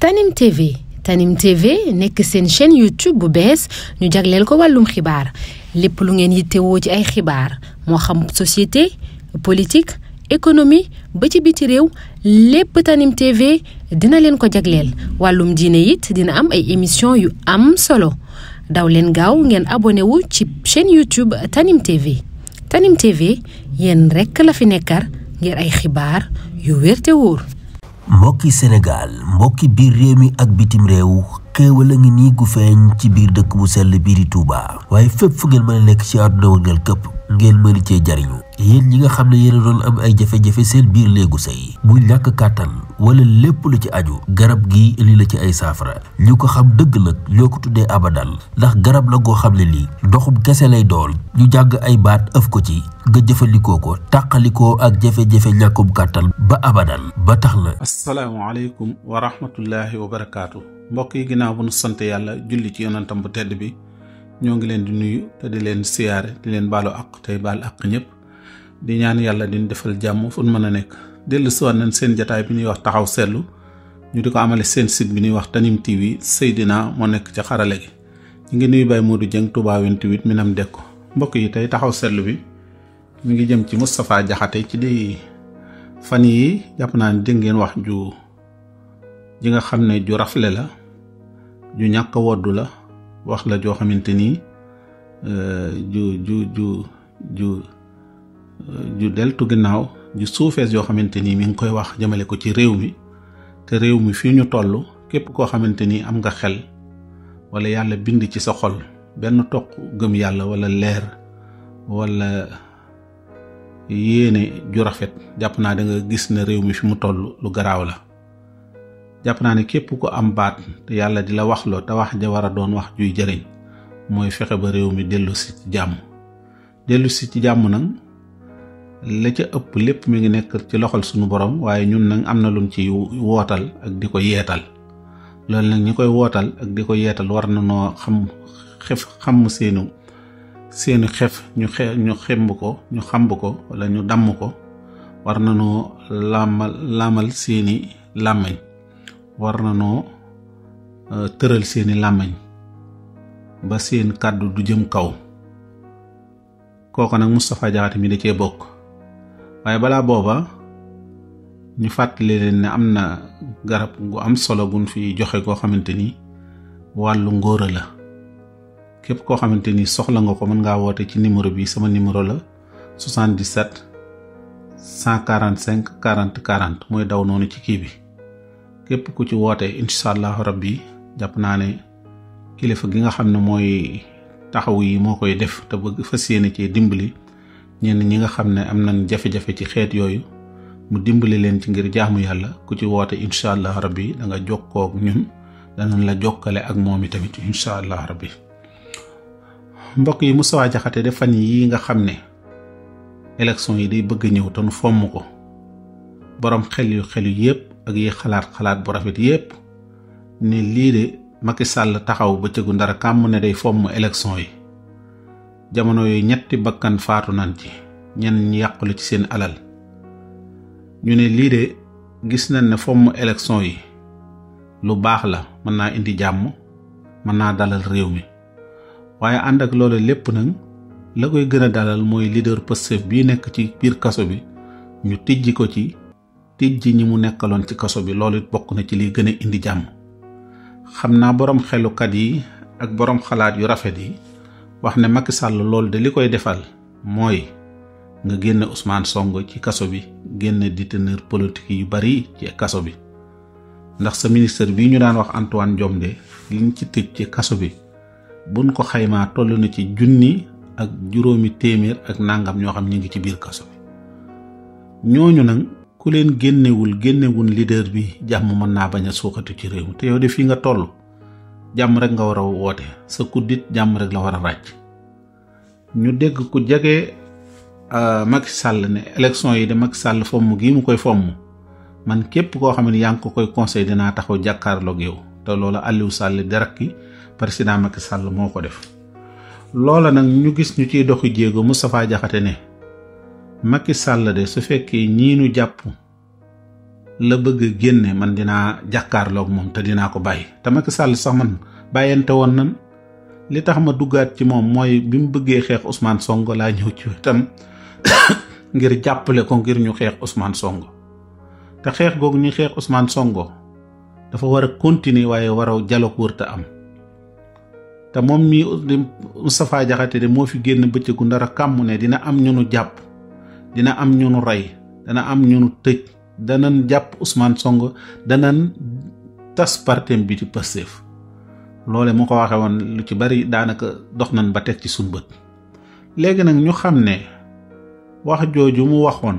Tanim TV Tanim nekk seen chaîne YouTube bu bees ñu jagleel ko wàllum xibaar lépp lu ngeen yittewoo ci ay xibaar moo xam société politique économie ba ci biti réew lépp Tanim dina leen ko jagleel wàllum diine it dina am ay émission yu am solo daw leen gaaw ngeen abonné wu ci chaîne YouTube Tanim TV Tanim yéen rekk la fi nekkar ngir ay xibaar yu wér te wóor mbokki Sénégal mbokki biir réew mi ak bitim réew xéewal a ngi nii gu feeñ ci biir dëkk bu sell bii di Touba waaye fépp fu ngeen mën a nekk ci àdduna wërngal këpp ngeen mën cee jariñu yéen ñi nga xam ne yéen doon am ay jafe-jafe seen biir léegu sëy bu ñàkk kàttan wala lépp lu ci aju garab gi li la ci ay saafara ñu ko xam dëgg nag ñoo ko tuddee abadal ndax garab la goo xam ne lii doxum kese lay dool ñu jàgg ay baat ëf ko ci nga jëfandikoo ko tàqalikoo ak jafe-jafe ñàkkum kàttan ba abadal ba tax na asalaamaaleykum wa rahmatullahi wa barakaatu mbokk yi ginnaaw bu nu sant yàlla julli ci yonantam bu tedd bi ñoo ngi leen di nuyu te leen siyaare di leen baalu àq ñëpp di ñaan yàlla din defal jàmm fu mën a nekk dellu si nañ seen jataay bi ñuy wax taxaw seetlu ñu di ko amale seen sit bi ñuy wax Tanime TV Seydina moo nekk ci xarala gi ñu ngi nuyu Baye moo du Touba 28 mi nam dégg ko mbokk yi tey taxaw seetlu bi mu ngi jëm ci Moustapha Diakhaté ci di fan yi jàpp naa ne dégg wax ju ji nga xam ne ju rafle la ju ñàkk a woddu la wax la joo xamante nii euh, ju ju ju ju ju deltu ginnaaw ju suufees yoo xamante ni mi ngi koy wax jëmale ko ci réew mi te réew mi fii ñu toll képp koo xamante ni am nga xel wala yàlla bind ci sa xol benn toq gëm yàlla walla leer walla yéene ju rafet jàpp naa danga gis ne réew mi fi mu toll lu garaaw la jàpp naa ne képp ko am baat te yàlla di la waxloo te wax ja war a doon wax juy jëriñ mooy fexe ba réew mi dellusi ci jàmm dellu ci jàmm nag la ca ëpp lépp mu ngi nekk ci loxol suñu borom waaye ñun nag am na luñ ci wootal ak di ko yeetal loolu nag ñi koy wootal ak di ko yeetal war na noo xam xef xam seenu seeni xef ñu xe ñu xemb ko ñu xamb ko wala ñu damm ko war na noo laamal laamal seeni làmmiñ war na noo e, tëral seeni làmmiñ ba seen kàddu du jëm kaw kooku nag Moustapha Diakhaté mi da cee bokk waaye balaa booba ñu fàttali leen ne am na garab gu am solo gun fi joxe koo xamante ni wàllu ngóora la képp koo xamante ni soxla nga ko mën ngaa woote ci numéro bi sama numéro la 77 145 40 40 mooy daw noonu ci kii bi képp ku ci woote incha allahu bi jàpp naa ne kilifa gi nga xam ne mooy taxaw yi moo koy def te bëgg fas yéene cee dimbali ñenn ñi nga xam ne am nañ jafe-jafe ci xeet yooyu mu dimbali leen ci ngir jaamu yàlla ku ci woote incha allah rabbi da nga jokkoo ak la jokkale ak moom i tamit incha allah rabbi mbokk yi Moustapha Diakhaté de fan yi nga xam ne élection yi day bëgg ñëw te nu fomm ko boroom xel yu xel yu yëpp ak yi xalaat xalaat bu rafet yëpp ne lii de Macky sàll taxaw ba bëccëgu ndara kàmm ne day fomm élection yi. jamono yooyu ñetti bakkan faatu nan ci ñenn ñi yàqule ci seen alal ñu ne lii de gis na ne fomm élection yi lu baax la mën naa indi jàmm mën naa dalal réew mi waaye ànd ak loolu lépp nag la koy gën a dalal mooy leader Pastef bi nekk ci biir kaso bi ñu tijji ko ci tijji ñi mu nekkaloon ci kaso bi loolu it bokk na ci liy gën a indi jàmm xam naa boroom xelukat yi ak boroom xalaat yu rafet yi wax ne Macky sàll loolu de li koy defal mooy nga génne usmaan Sonko ci kaso bi génne déteneur politique yu bari ci kaso bi ndax sa ministre bi ñu daan wax Antoine Diome de liñ ci tëj ci kaso bi buñ ko xaymaa toll na ci junni ak juróomi téeméer ak nangam ñoo xam ñu ngi ci biir kaso bi ñooñu nag ku leen génnewul génnewul lider bi jax jàmm mën naa bañ a suuxatu ci réew mi te yow de fii nga toll jàmm rek nga war a woote sa kuddit jàmm rek la war a ràcc ñu dégg ku jege euh, Macky Sall ne élection yi de Macky Sall fomm gii mu koy fomm man képp koo xam ne yaa ngi ko koy conseil dinaa taxaw jàkkaarloog yow te loola Aliou Sall deraki président Macky Sall moo ko def loola nag ñu gis ñu ciy doxi jéego Moustapha Diakhaté ne Macky Sall de su fekkee ñii nu jàpp la bëgg génne man dinaa jàkkaarloog moom te dinaa ko bàyyi te ko sàll sax man bàyyante woon nan li tax ma duggaat ci moom mooy bi mu bëggee xeex Ousmane songo laa ñëw ci wetam ngir jàppale ko ngir ñu xeex usmaan Sonko te xeex googu ñu xeex Ousmane Sonko dafa war a continuer waaye war a dialogue wërta am te moom mii Moustapha Diakhaté de moo fi génn bëccëgu ndara kàmmu ne dina am ñu nu jàpp dina am ñu nu rey dina am ñu nu tëj danañ jàpp Ousmane Sonko danañ tas partem bi ci Pastef loole mu ko waxee woon lu ci bari daanaka dox nañ ba teg ci suñ bët léegi nag ñu xam ne wax jooju mu waxoon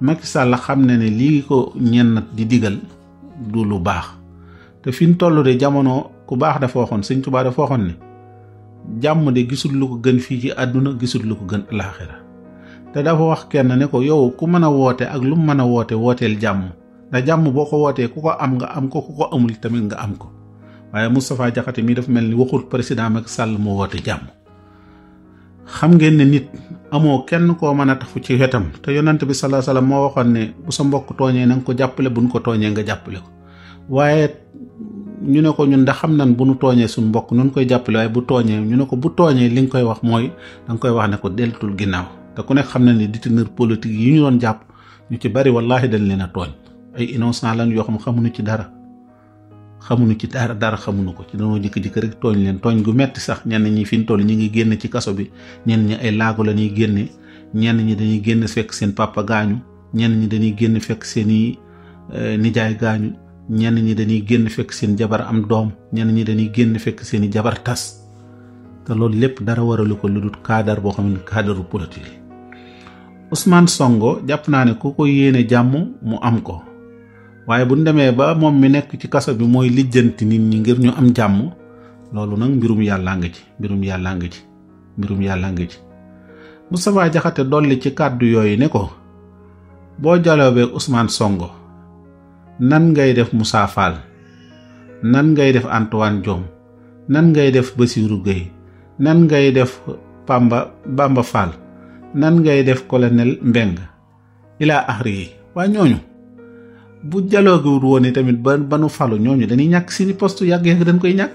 Macky Sall xam ne ne lii ko ñenn di digal du lu baax te fi ñu toll de jamono ku baax dafa waxoon Sëñ Tuubaa dafa waxoon ne jàmm de gisul lu ko gën fii ci àdduna gisut lu ko gën laaxira te dafa wax kenn ne ko yow ku mën a woote ak lu mu mën a woote wooteel jàmm ndax jàmm boo ko wootee ku ko am nga am ko ku ko amul tamit nga am ko waaye Moustapha Diakhaté mii dafa mel ni waxul président Macky Sall moo woote jàmm. xam ngeen ne nit amoo kenn koo mën a tafu ci wetam te yonent bi salaa salaam moo waxoon ne bu sa mbokk tooñee na ko jàppale bu nu ko tooñee nga jàppale ko waaye ñu ne ko ñun ndax xam nan bu nu tooñee suñu mbokk nun koy jàppale waaye bu tooñee ñu ne ko bu tooñee li koy wax mooy koy wax ne ko deltul ginnaaw. te ku nekk xam na ni détenus politiques yi ñu doon jàpp ñu ci bari wallaahi dañ leen a tooñ ay innocent lan yoo xam xamuñu ci dara xamuñu ci dara dara xamuñu ko ci dañoo jëkk-jëkk rek tooñ leen tooñ gu metti sax ñenn ñi fi ñu toll ñi ngi génn ci kaso bi ñenn ñi ay laago la ñuy génne ñenn ñi dañuy génn fekk seen papa gaañu ñenn ñi dañuy génn fekk seen i eh, nijaay gaañu ñenn ñi dañuy génn fekk seen jabar am doom ñenn ñi dañuy génn fekk seen i jabar tas te loolu lépp dara waralu ko lu dul cadre boo xam ne cadre politique usmaan songo jàpp naa ne ku ko yéene jàmm mu am ko waaye bu ñu demee ba moom mi nekk ci kaso bi mooy lijjanti nit ñi ngir ñu am jàmm loolu nag mbirum yàllaa nga ci mbirum yàllaa nga ci mbirum yàllaa nga ci Moustapha Diakhaté dolli ci kàddu yooyu ne ko boo jaloobee Ousmane songo nan ngay def Moussa Fall nan ngay def antuwaan Diome nan ngay def Bassirou Gueye nan ngay def Bamba Bamba nan ngay def colonel Mbeng ilaa axri yi waa ñooñu bu jaloogiwut woon yi tamit ba ba nu falu ñooñu dañuy ñàkk seeni post yàgg-yàgg dañ koy ñàkk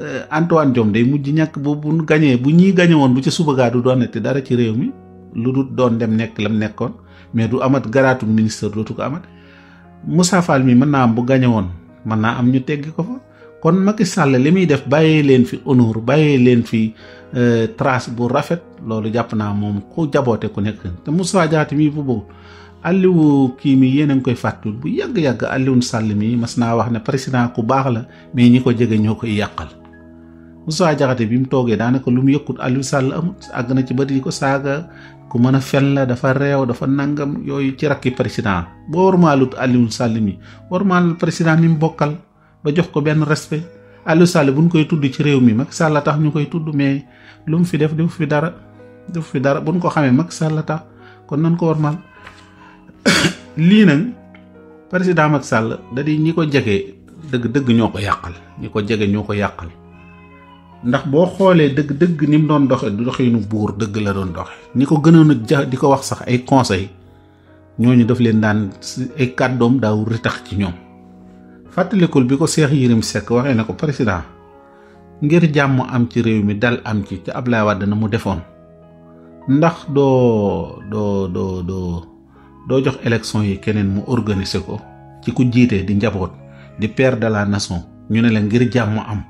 eh, Antoine Diome day mujj ñàkk bu bu gañee bu ñuy gañe woon bu ca suba gaa du te dara ci réew mi lu dul doon dem nekk lam nekkoon mais du amat garaatu ministre dootu ko amat Moussa Fall mi mën naa am bu gañe mën naa am ñu teggi ko fa kon Macky Sall li muy def bàyyee leen fi honneur bàyyee leen fi euh, trace bu rafet loolu jàpp naa moom ku jaboote ku nekk te Moussa Diaté mii bu boobu Aliou kii mi yéen a ngi koy fàttul bu yàgg-yàgg Aliou Sall mi mas naa wax ne président ku baax la mais ñi ko jege ñoo koy yàqal Moussa Diaté bi mu toogee daanaka lu mu yëkkut Aliou sàll amut àgg na ci ba di ko saaga ku mën a fen la dafa reew dafa nangam yooyu ci rakki président boo warmaalut Aliou Sall mi warmaal président mi mu bokkal ba jox ko benn respect Aliou Sall buñ koy tudd ci réew mi mag Sall la tax ñu koy tudd mais lu mu fi def def fi dara def fi dara buñ ko xamee mag Sall la kon nan ko war mal lii nag président Macky Sall da di ñi ko jege dëgg dëgg ñoo ko yàqal ñi ko jege ñoo ko yàqal ndax boo xoolee dëgg dëgg ni mu doon doxe doxinu buur dëgg la doon doxe ñi ko gënoon a ja di ko wax sax ay conseil ñooñu daf leen daan ay kàddoom daaw tax ci ñoom fàttalikul bi ko Cheikh Yérim Seck waxee na ko président ngir jàmm am ci réew mi dal am ci te Ablaye Wade na mu defoon ndax doo doo doo doo doo jox élection yi keneen mu organise ko ci ku jiite di njaboot di père de la nation ñu ne la ngir jàmm am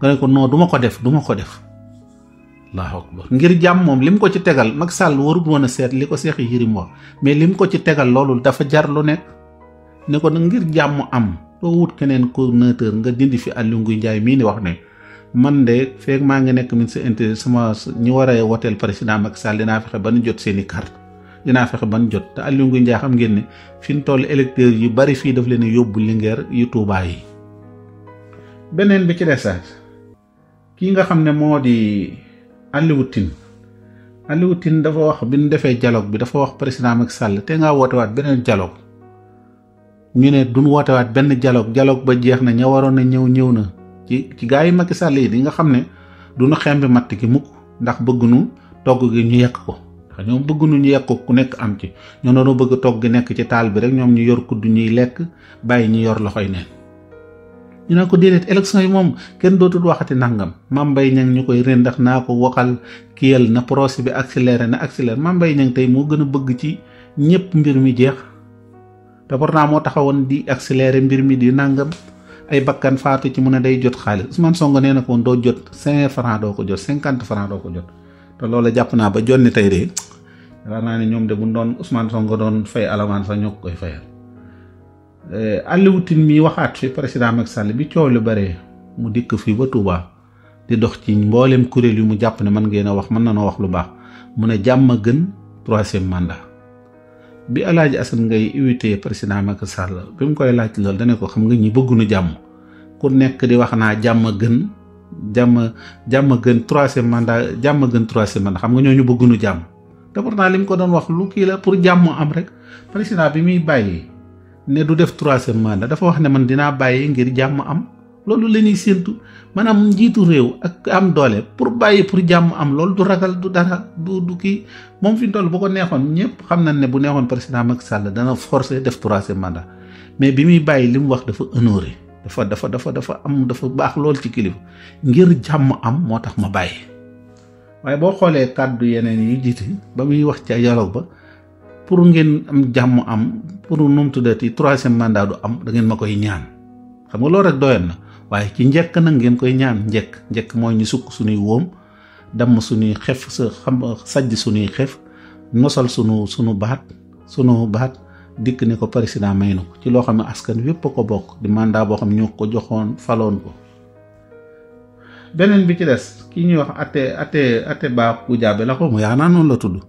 nga ne ko non duma ko def duma ko def allahu akbar ngir jàmm moom lim ko ci tegal Macky sàll warut woon a seet li ko Cheikh Yérim wax mais lim ko ci tegal loolu dafa jar lu nekk ne ko ngir jàmm am doo wut keneen coordinateur nga dindi fi Aly Ngouille Ndiaye mii ni wax ne man de feeg maa ngi nekk ministre intérieur sama ñi war a woteel président Macky Sall dinaa fexe ba ñu jot seen i carte dinaa fexe ba jot te Aly Ngouille xam ngeen ne fi ñu toll yu bari fii daf leen yóbbu Linguère yu Touba yi. beneen bi ci desag kii nga xam ne moo di Alioune Tine dafa wax bi nu defee dialogue bi dafa wax président Macky Sall te ngaa woote waat beneen dialogue. ñu ne duñ wootewaat benn dialogue dialogue ba jeex na ña waroon na ñëw ñëw na ci ci gaa yi Macky Sall yi di nga xam ne duñu xem bi matt gi mukk ndax bëgguñu togg gi ñu yekk ko ndax ñoom bëgguñu ku nekk am ci ñoo doonu bëgg togg gi nekk ci taal bi rek ñoom ñu yor kudd ñuy lekk bàyyi ñu yor loxoy neen ñu ne ko déedéet élection yi moom kenn dootul waxati nangam Mame Mbaye Niang ñu koy ren ndax naa ko waxal kiyal na procès bi accéléré na accéléré Mame Mbaye Niang tey moo gën a bëgg ci ñëpp mbir mi jeex te pourtant moo taxawoon di accélérer mbir mi di nangam ay bakkan faatu ci mu ne day jot xaalis Ousmane Sonko nee na ko doo jot cinq francs doo ko jot cinquante francs ko jot te loola jàpp naa ba jonni tey de yaakaar naa ne ñoom de bu doon Ousmane Sonko doon fay alamaan sax ñoo koy fayal. Eh, Aliou Tine mi waxaat fi président mag Sall bi coow lu bare mu dikk fii ba Touba di dox ci mboolem kuréel yu mu jàpp ne mën ngeen a wax mën na noo wax lu baax mun a jàmm a gën troisième mandat. bi alaaji Assane ngay invité président Macky Sall bi mu koy laaj loolu dane ko xam nga ñi bëgguñu jàmm ku nekk di wax naa jàmm gën jàmm jàmm gën troisième mandat jàmm gën troisième mandat xam nga ñoo ñu bëgguñu jàmm te naa li mu ko doon wax lu kii la pour jàmm am rek président bi muy bàyyi ne du def troisième mandat dafa wax ne man dinaa bàyyi ngir jàmm am loolu la ñuy séentu maanaam njiitu réew ak am doole pour bàyyi pour jàmm am loolu du ragal du dara du du kii moom fi mu toll bu ko neexoon ñëpp xam nañ ne bu neexoon président Macky Sall dana forcé def troisième mandat mais bi muy bàyyi li mu wax dafa honoré dafa dafa dafa dafa am dafa baax lool ci kilifa ngir jàmm am moo tax ma bàyyi. waaye boo xoolee kàddu yeneen yi jiite ba muy wax ca dialogue ba pour ngeen am jàmm am pour nu mu tuddati troisième mandat du am da ngeen ma koy ñaan xam nga loolu rek doyoon na. waaye ci njëkk nag ngeen koy ñaan njëkk njëkk mooy ñu sukk suñuy woom damm suñuy xef sa xam sajj suñuy xef nosal sunu sunu baat sunu baat dikk ni ko président may na ko ci loo xam ne askan wépp ko bokk di mandat boo xam ne ñoo ko joxoon faloon ko beneen bi ci des ki ñuy wax atte atte atte baa ku jaabe la ko mu yaa noonu la tudd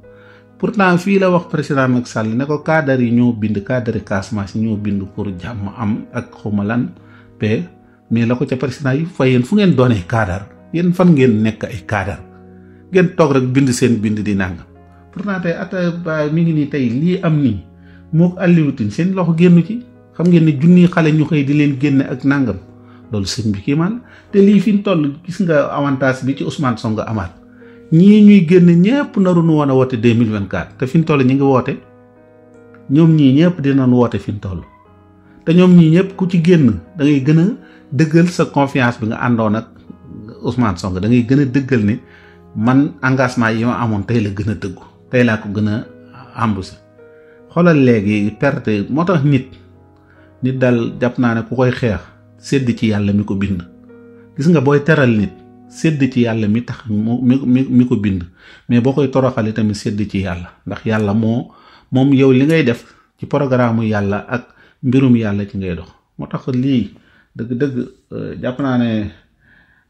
pourtant fii la wax président Macky Sall ne ko cadre yi ñoo bind cadre Casamance ñoo bind pour jàmm am ak xawma lan mais la ko ca président yi fay yéen fu ngeen doonee cadre yéen fan ngeen nekk ay cadre ngeen toog rek bind seen bind di nangam pourtant tey ata ba euh, mi ngi nii tey lii am nii moo ko àlliwutin seen loxo génn ci xam ngeen ne junni xale ñu xëy di leen génne ak nangam loolu sëñ bi kii man te lii fi ñu toll gis nga avantage bi ci Ousmane Sonko amaat ñii ñuy génn ñëpp nu woon a woote deux mille vingt quatre te fi ñu toll ñu ngi woote ñoom ñii ñëpp dinañ woote fi ñu toll te ñoom ñii ñëpp ku ci génn da ngay dëggal sa confiance bi nga àndoon ak Ousmane Sonko da gën a dëggal ne man engagement yi ma amoon tey la gën a dëggu tey laa ko gën a embauché xoolal léegi perte moo tax nit nit dal jàpp naa ne ku koy xeex sedd ci yàlla mi ko bind gis nga booy teral nit sédd ci yàlla mi tax mi mi mi ko bind mais boo koy toroxali tamit sédd ci yàlla ndax yàlla moo moom yow li ngay def ci programme yàlla ak mbirum yàlla ci ngay dox moo tax lii dëgg-dëgg jàpp naa ne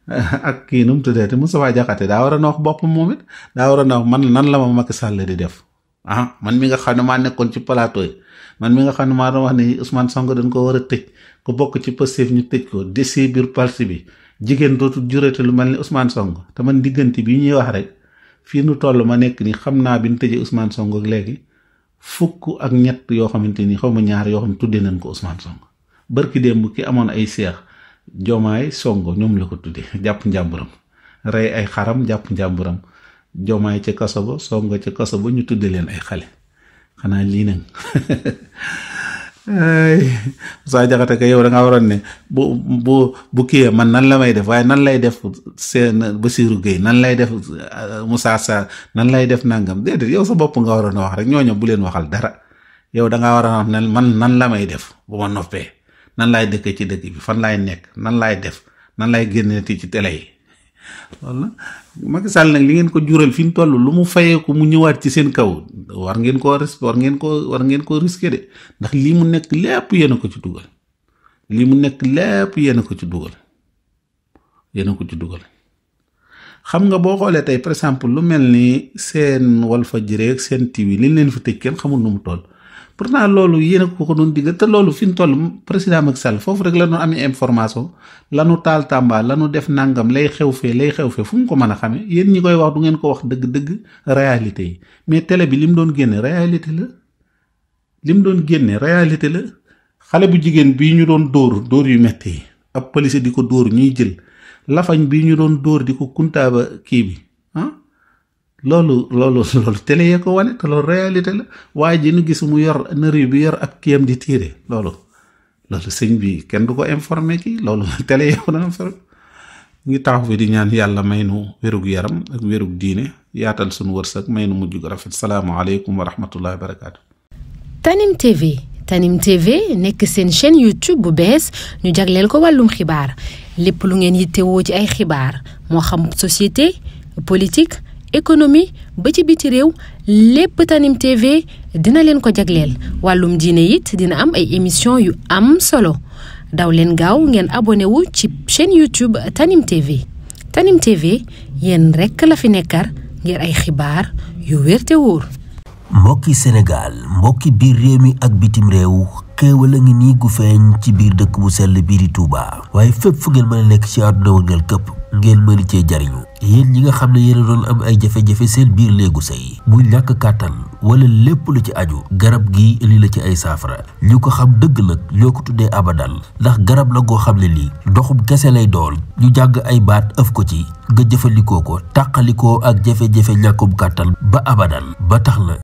ak kii nu mu tuddee te Moustapha Diakhaté daa war a noox bopp moom it daa war a noox man nan la ma Macky Sall di def ah man mi nga xam ne ma nekkoon ci plateau yi man mi nga xam ne maa doon wax ne Ousmane Sonko dañ ko war a tëj ku bokk ci Pastef ñu tëj ko desi biir parti bi jigéen dootul jureete lu mel ni Ousmane Sonko te man diggante bi ñuy wax rek fii nu toll ma nekk nii xam naa bi nu tëjee Ousmane Sonko léegi fukk ak ñett yoo xamante ni xaw ma ñaar yoo xam ne tuddee nañ ko Ousmane Sonko bërki démb ki amoon ay seex jomaay songo ñoom la ko tudde jàpp njàmburam rey ay xaram jàpp njàmburam jomaay ca kaso ba songo ca kaso ba ñu tudde leen ay xale xanaa lii nag saa jaxate yow da ngaa waroon ne bu bu bu kiyee man nan la may def waaye nan lay def seen Basiiru Géy nan lay def euh, Moussa Sarr nan lay def nangam déedéet yow sa bopp nga waroon a wax rek ñooñu bu leen waxal dara yow danga ngaa waroon a wax ne man nan la may def bu ma noppee nan laay dëkkee ci dëkk bi fan laay nekk nan laay def nan lay génnee ti ci télé yi loolu la Macky Sall nag li ngeen ko jural fi mu toll lu mu fayee ko mu ñëwaat ci seen kaw war ngeen koo ris ngeen koo war ngeen koo risqué de ndax lii mu nekk lépp yéen ko ci dugal lii mu nekk lépp yéen ko ci dugal yéen a ko ci dugal xam nga boo xoolee tey par exemple lu mel ni seen wal fa ak seen yi li leen fi tëj kenn xamul nu mu toll. pour pourtant loolu yéen a ko ko doon digal te loolu fi mu toll président Macky Sall foofu rek la ñu amee information lanu taal Tamba lanu def nangam lay xew fee lay xew fee fu mu ko mën a xamee yéen ñi koy wax du ngeen ko wax dëgg-dëgg réalité yi mais télé bi li mu doon génne réalité la li mu doon génne réalité la xale bu jigéen bii ñu doon dóor dóor yu metti yi ab policier di ko dóor ñuy jël lafañ bii ñu doon dóor di ko kuntaaba kii bi loolu loolu loolu télé yee ko wane te loolu réalité la waaye ji nu gis yor nëri bi yor ab kiyam di tiire loolu loolu sëñ bi kenn du ko informé ki loolu télé yee ko na informé ngi taxaw fi di ñaan yàlla may nu wérug yaram ak wérug diine yaatal sunu wërsëg may nu mujj ko rafet salaamaaleykum wa rahmatullahi wa barakaatu. Tanim TV Tanim TV nekk seen chaîne YouTube bu bees ñu jagleel ko wàllum xibaar lépp lu ngeen yittewoo ci ay xibaar moo xam société politique. économie ba ci biti réew lépp Tanim TV dina leen ko jagleel wàllum diine it dina am ay émission yu am solo daw leen gaaw ngeen abonné wu ci chaîne YouTube Tanim TV yenn TV rekk la fi nekkar ngir ay xibaar yu wér wóor. mbokki Sénégal mbokki biir réew mi ak bitim réew. xéewal a ngi nii gu feeñ ci biir dëkk bu sell bii di Touba waaye fépp fu ngeen ba a nekk ci àdduna wëngal këpp ngeen mën cee jariñu yéen ñi nga xam ne yéen doon am ay jafe-jafe seen biir léegu sëy bu ñàkk kàttan wala lépp lu ci aju garab gi li la ci ay saafara ñu ko xam dëgg nag ñoo ko tuddee abadal ndax garab la goo xam ne lii ndoxum kese lay dool ñu jàgg ay baat ëf ko ci nga jëfandikoo ko tàqalikoo ak jafe-jafe ñàkkum kàttan ba abadal ba tax na